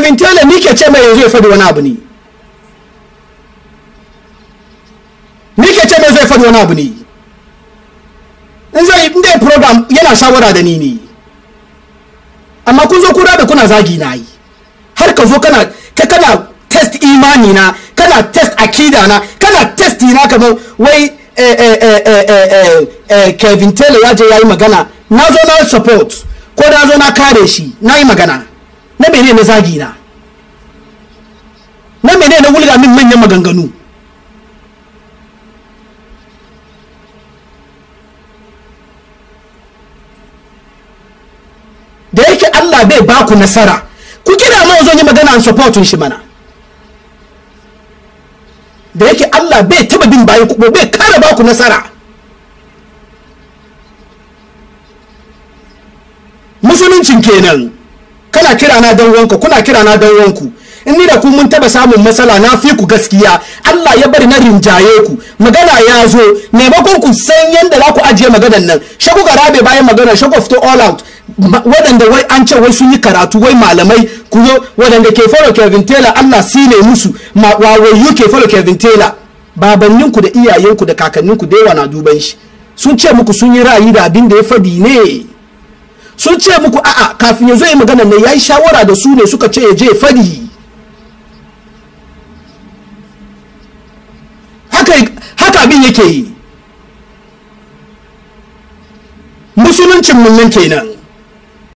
kevin taylor ni ke ce mai yanzu ya faɗi wani abu ne ni ke ce mai zai faɗi wani abu ne in zai in program yana shawara da ni ne amma kun zo ku da kuna zagi na yi har ka zo kana ka kana test imani na kana test akida na kana test na kamar wai eh, eh, eh, kevin taylor ya je ya yi magana na zo na support ko na zo na kare shi na yi magana na mene na zagi na na mene na wulga min manyan maganganu da yake Allah bai baku nasara ku kira ma zo yi magana an support shi mana da yake Allah bai taba bin bayan ku bai kara baku nasara musuluncin kenan kana kira na dan wanka kuna kira na dan wanku in ni da ku mun taba samun matsala na fi ku gaskiya Allah ya bari na rinjaye ku magana ya zo maimakon ku san yadda za ku ajiye maganar nan shi ku bayan magana, shi ku fito all out waɗanda wai an ce wai sun yi karatu wai malamai ku zo waɗanda ke follow Kevin Taylor Allah si ne musu ma wawayu ke follow Kevin Taylor babanninku da iyayenku da kakanninku da yawa na duban shi sun ce muku sun yi ra'ayi da abin da ya fadi ne sun ce muku a'a kafin ya zo yi magana ne ya yi shawara da su ne suka ce ya je fadi haka abin yake yi musuluncin mun kenan